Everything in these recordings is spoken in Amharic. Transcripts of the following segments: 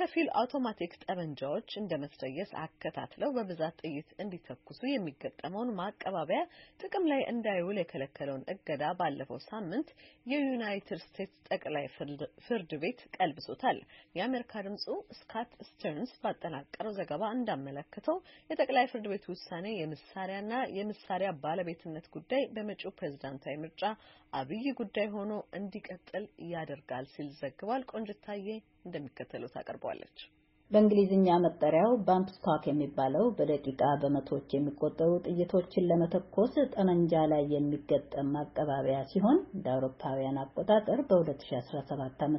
ከፊል አውቶማቲክ ጠመንጃዎች እንደ መስጠየስ አከታትለው በብዛት ጥይት እንዲተኩሱ የሚገጠመውን ማቀባበያ ጥቅም ላይ እንዳይውል የከለከለውን እገዳ ባለፈው ሳምንት የዩናይትድ ስቴትስ ጠቅላይ ፍርድ ቤት ቀልብሶታል። የአሜሪካ ድምፁ ስካት ስተርንስ ባጠናቀረው ዘገባ እንዳመለከተው የጠቅላይ ፍርድ ቤት ውሳኔ የመሳሪያና የመሳሪያ ባለቤትነት ጉዳይ በመጪው ፕሬዝዳንታዊ ምርጫ አብይ ጉዳይ ሆኖ እንዲቀጥል ያደርጋል ሲል ዘግቧል። ቆንጅታዬ እንደሚከተለው ታቀርቧል። ታቀርባለች። በእንግሊዝኛ መጠሪያው ባምፕ ስታክ የሚባለው በደቂቃ በመቶዎች የሚቆጠሩ ጥይቶችን ለመተኮስ ጠመንጃ ላይ የሚገጠም ማቀባበያ ሲሆን እንደ አውሮፓውያን አቆጣጠር በ2017 ዓ.ም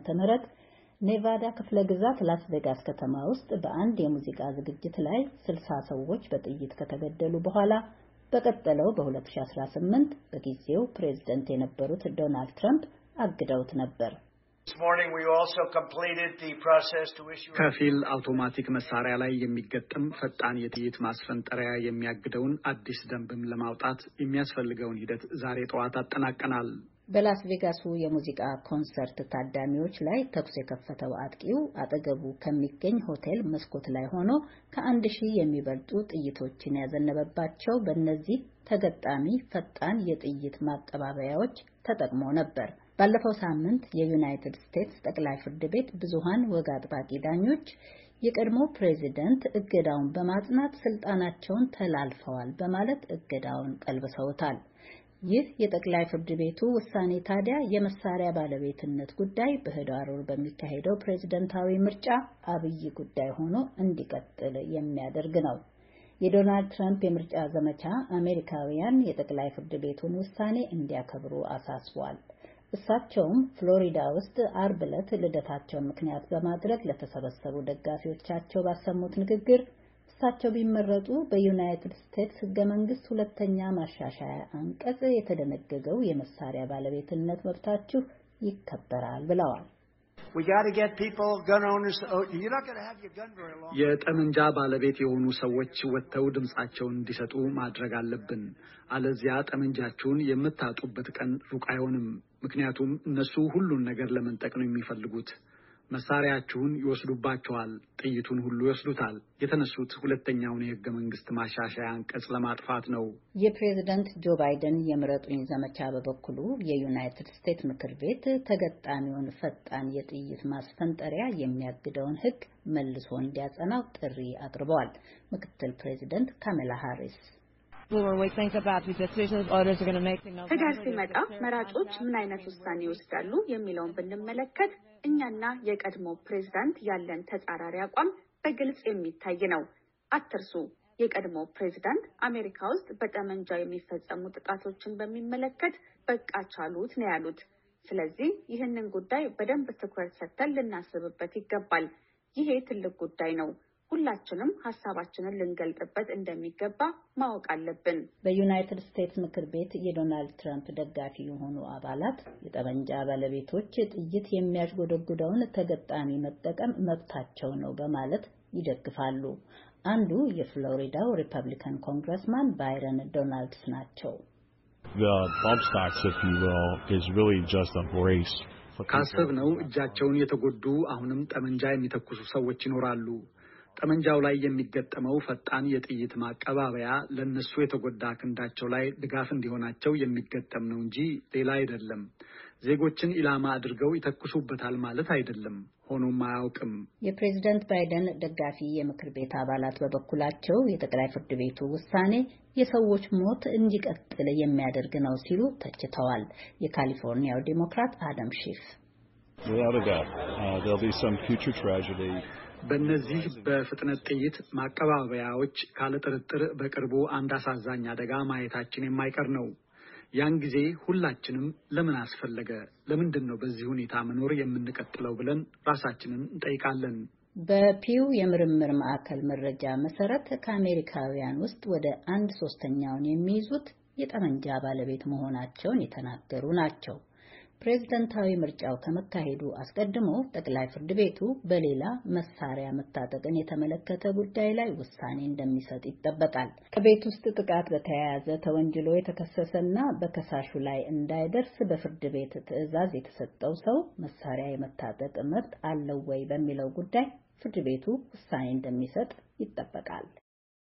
ኔቫዳ ክፍለ ግዛት ላስ ቬጋስ ከተማ ውስጥ በአንድ የሙዚቃ ዝግጅት ላይ 60 ሰዎች በጥይት ከተገደሉ በኋላ በቀጠለው በ2018 በጊዜው ፕሬዝደንት የነበሩት ዶናልድ ትራምፕ አግደውት ነበር። ከፊል አውቶማቲክ መሳሪያ ላይ የሚገጥም ፈጣን የጥይት ማስፈንጠሪያ የሚያግደውን አዲስ ደንብም ለማውጣት የሚያስፈልገውን ሂደት ዛሬ ጠዋት አጠናቀናል። በላስ ቬጋሱ የሙዚቃ ኮንሰርት ታዳሚዎች ላይ ተኩስ የከፈተው አጥቂው አጠገቡ ከሚገኝ ሆቴል መስኮት ላይ ሆኖ ከአንድ ሺህ የሚበልጡ ጥይቶችን ያዘነበባቸው በእነዚህ ተገጣሚ ፈጣን የጥይት ማቀባበያዎች ተጠቅሞ ነበር። ባለፈው ሳምንት የዩናይትድ ስቴትስ ጠቅላይ ፍርድ ቤት ብዙሃን ወግ አጥባቂ ዳኞች የቀድሞ ፕሬዚደንት እገዳውን በማጽናት ስልጣናቸውን ተላልፈዋል በማለት እገዳውን ቀልብሰውታል። ይህ የጠቅላይ ፍርድ ቤቱ ውሳኔ ታዲያ የመሳሪያ ባለቤትነት ጉዳይ በህዳር ወር በሚካሄደው ፕሬዝደንታዊ ምርጫ አብይ ጉዳይ ሆኖ እንዲቀጥል የሚያደርግ ነው። የዶናልድ ትራምፕ የምርጫ ዘመቻ አሜሪካውያን የጠቅላይ ፍርድ ቤቱን ውሳኔ እንዲያከብሩ አሳስቧል። እሳቸውም ፍሎሪዳ ውስጥ አርብ ዕለት ልደታቸውን ምክንያት በማድረግ ለተሰበሰቡ ደጋፊዎቻቸው ባሰሙት ንግግር እሳቸው ቢመረጡ በዩናይትድ ስቴትስ ሕገ መንግስት ሁለተኛ ማሻሻያ አንቀጽ የተደነገገው የመሳሪያ ባለቤትነት መብታችሁ ይከበራል ብለዋል። Oh, የጠመንጃ ባለቤት የሆኑ ሰዎች ወጥተው ድምፃቸውን እንዲሰጡ ማድረግ አለብን። አለዚያ ጠመንጃችሁን የምታጡበት ቀን ሩቅ አይሆንም። ምክንያቱም እነሱ ሁሉን ነገር ለመንጠቅ ነው የሚፈልጉት። መሳሪያችሁን ይወስዱባቸዋል ጥይቱን ሁሉ ይወስዱታል። የተነሱት ሁለተኛውን የሕገ መንግስት ማሻሻያ አንቀጽ ለማጥፋት ነው። የፕሬዚደንት ጆ ባይደን የምረጡኝ ዘመቻ በበኩሉ የዩናይትድ ስቴትስ ምክር ቤት ተገጣሚውን ፈጣን የጥይት ማስፈንጠሪያ የሚያግደውን ሕግ መልሶ እንዲያጸናው ጥሪ አቅርበዋል። ምክትል ፕሬዝደንት ካሜላ ሃሪስ ህዳር ሲመጣ መራጮች ምን አይነት ውሳኔ ይወስዳሉ የሚለውን ብንመለከት እኛና የቀድሞ ፕሬዝዳንት ያለን ተጻራሪ አቋም በግልጽ የሚታይ ነው። አትርሱ፣ የቀድሞ ፕሬዝዳንት አሜሪካ ውስጥ በጠመንጃ የሚፈጸሙ ጥቃቶችን በሚመለከት በቃ ቻሉት ነው ያሉት። ስለዚህ ይህንን ጉዳይ በደንብ ትኩረት ሰጥተን ልናስብበት ይገባል። ይሄ ትልቅ ጉዳይ ነው። ሁላችንም ሀሳባችንን ልንገልጥበት እንደሚገባ ማወቅ አለብን። በዩናይትድ ስቴትስ ምክር ቤት የዶናልድ ትራምፕ ደጋፊ የሆኑ አባላት የጠመንጃ ባለቤቶች ጥይት የሚያሽጎደጉደውን ተገጣሚ መጠቀም መብታቸው ነው በማለት ይደግፋሉ። አንዱ የፍሎሪዳው ሪፐብሊካን ኮንግረስማን ባይረን ዶናልድስ ናቸው። ካሰብነው እጃቸውን የተጎዱ አሁንም ጠመንጃ የሚተኩሱ ሰዎች ይኖራሉ። ጠመንጃው ላይ የሚገጠመው ፈጣን የጥይት ማቀባበያ ለእነሱ የተጎዳ ክንዳቸው ላይ ድጋፍ እንዲሆናቸው የሚገጠም ነው እንጂ ሌላ አይደለም። ዜጎችን ኢላማ አድርገው ይተኩሱበታል ማለት አይደለም። ሆኖም አያውቅም። የፕሬዝደንት ባይደን ደጋፊ የምክር ቤት አባላት በበኩላቸው የጠቅላይ ፍርድ ቤቱ ውሳኔ የሰዎች ሞት እንዲቀጥል የሚያደርግ ነው ሲሉ ተችተዋል። የካሊፎርኒያው ዴሞክራት አደም ሺፍ በእነዚህ በፍጥነት ጥይት ማቀባበያዎች ካለጥርጥር በቅርቡ አንድ አሳዛኝ አደጋ ማየታችን የማይቀር ነው። ያን ጊዜ ሁላችንም ለምን አስፈለገ፣ ለምንድን ነው በዚህ ሁኔታ መኖር የምንቀጥለው ብለን ራሳችንን እንጠይቃለን። በፒው የምርምር ማዕከል መረጃ መሰረት ከአሜሪካውያን ውስጥ ወደ አንድ ሶስተኛውን የሚይዙት የጠመንጃ ባለቤት መሆናቸውን የተናገሩ ናቸው። ፕሬዝደንታዊ ምርጫው ከመካሄዱ አስቀድሞ ጠቅላይ ፍርድ ቤቱ በሌላ መሳሪያ መታጠቅን የተመለከተ ጉዳይ ላይ ውሳኔ እንደሚሰጥ ይጠበቃል። ከቤት ውስጥ ጥቃት በተያያዘ ተወንጅሎ የተከሰሰና በከሳሹ ላይ እንዳይደርስ በፍርድ ቤት ትዕዛዝ የተሰጠው ሰው መሳሪያ የመታጠቅ መብት አለው ወይ በሚለው ጉዳይ ፍርድ ቤቱ ውሳኔ እንደሚሰጥ ይጠበቃል።